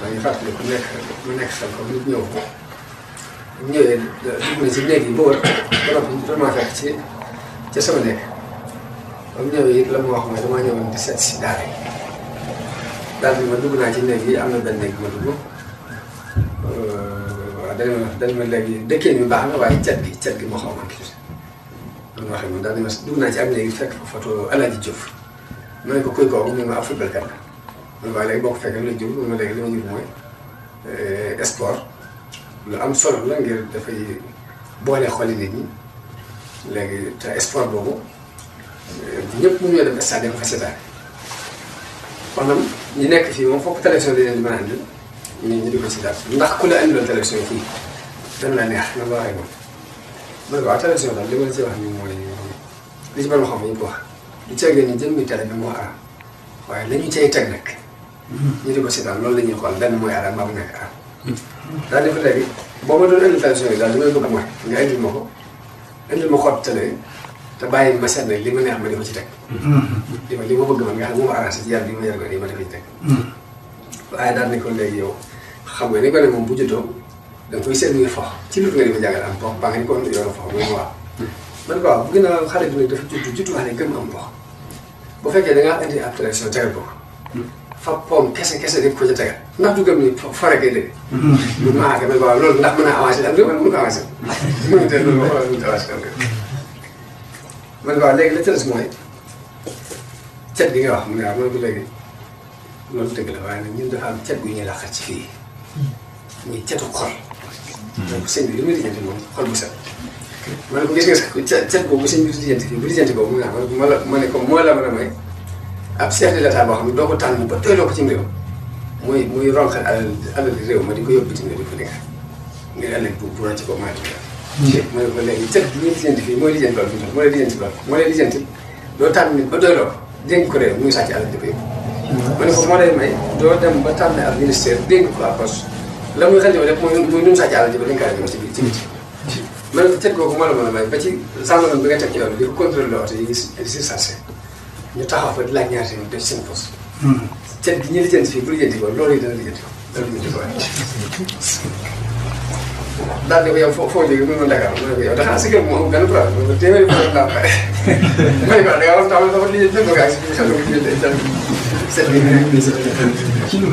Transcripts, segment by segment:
maa ngi fàttali ku nekk ku nekk xel comme nit ñëw ko bu ñëwee dugg na ci néeg yi ba wër ba noppi fekk ci ca sama mu wax mooy damaa ñëwoon di seet si daara daal bi ma dugg naa ci néeg yi am na benn néeg ma dugg euh, waaw dañu ma dañu ma léegi na waaye cat gi cat naa ci am néeg fekk fa photo Alaaji Diouf ma ko kuy kooku ñu ma ab footballkat la waaye léegi boo ko fekkee lu jëm ma léegi li ma jëm mooy sport lu am solo la ngir dafay boole xoli nit ñi léegi te sport boobu ñëpp mu ñoo dem stade dem fa seetaan maanaam ñi nekk fii moom fokk télévision di leen di mën a andil ñu ñu di ko seetaan ndax ku la andiloon télévision fii dana la neex na ma waxee moom man waaw télévision daal li ma la si wax nii mooy li ci borom xam ñu ko wax li ci gën ñu jëm bi télé bi moo aram waaye la ñu cay teg nag ñu di ko si daal loolu la ñuy xool benn mooy alal mbaa mu nekk alal. daal di ko léegi boo ma doon indil tension yi daal mooy nga indil ma ko indil ma xob tële te seet nag li ma neex ma ci teg. li ma li ma bëgg man nga xam ma arrangé ci yàlla bi ma yàlla nii ma di nga ni ko ne bu jotoo da nga koy seet ñu fox ci lu nga di ko am ba nga ni bu gën a xale bi nag dafa juddu judduwaale gën am fox bu fekkee da ngaa indi ab tension tegal ko fa poom kese kese def ko ca tegal ndax du gëm ni fore kay dëgg. lu maa gëm waaw a avancé am réew wala ko avancé. la wax mu ne waaw man bu bi nga sax bi di lijjanti fii bu lijjanti boobu mu ne ah man ma la ma ne may. ab chef de l'état boo xam ne doo ko tànn ba teeloo ko ci réew muy muy ronqal alal alal réew ma di ko yo bitim réew di ko nekk ngir ëllëg bu bu ràcc ko maa ngi ko ma ne ko léegi tëj li ñu lijjanti fii mooy lijjanti loolu fi mu mooy lijjanti loolu mooy lijjanti doo tànn nit ba ko réew muy sàcc alal di ko yóbbu ma ne ko moo lay may doo dem ba tànn ab ministère dénk ko à poste la muy xel jëma def mooy muy ji ba dénkaale ci ci biti ma ne ko tëj kooku moo la mën a may ba ci sàngaman bi nga teg ci yoon bi di ko contrôle oto yi si sarse ñu taxaw fa di laaj ñaari tamit def seen poste. cet gi ñu lijjanti fii bu lijjanti ko loolu yi dana lijjanti ko dana lijjanti ko waaye. daal di ko yow foo foo jógee mënul Dakar mu ne ko yow dafa am si kër mu am benn problème mu ne ko téeméeri mu ne laa pare. ma ne ko da ngaa war a taxaw dafa lijjanti ko gaa yi xam nga ko jëndee jàpp set bi rek ci lu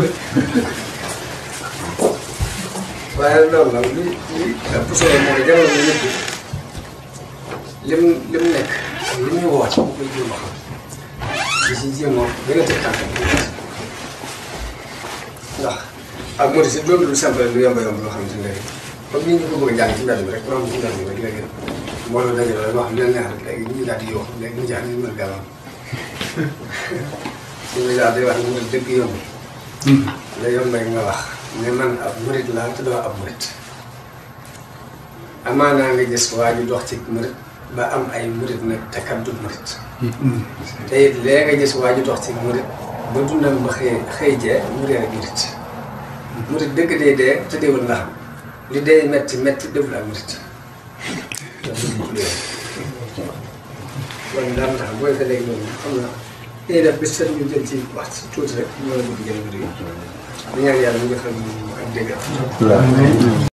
waaye loolu la li li poussé mooy jamono bi ñëpp lim lim nekk lim ñu woote. di si jéem a gën a teg tànkam ndax ak moo di si loolu lu simple lu yomb a yomb loo xamante ne comme ko bëgg a jàng ci mbedd mi rek rek la gën mbooloo daje la wax lu leen neex rek léegi ñu daal di yoo léegi wax ñu mën dëgg yomb rek nga wax ne man ab murit laa te doo ab murit amaanaa nga gis waa ñu dox ba am ay murit nag te kat du murit. te it gis waa ji dox ci murit ba dundam ba xëy xëy jee mu dee ak murit. murit dëgg dee dee te deewul ndax li dee metti metti deful ak murit. loolu daal ndax booy ko léegi loolu xam naa dañuy def bés set ñu jël ci wax ci tuuti rek ñoo la bëgg jël mbir yi. di ñaan yàlla ñu defal ñu ak dégg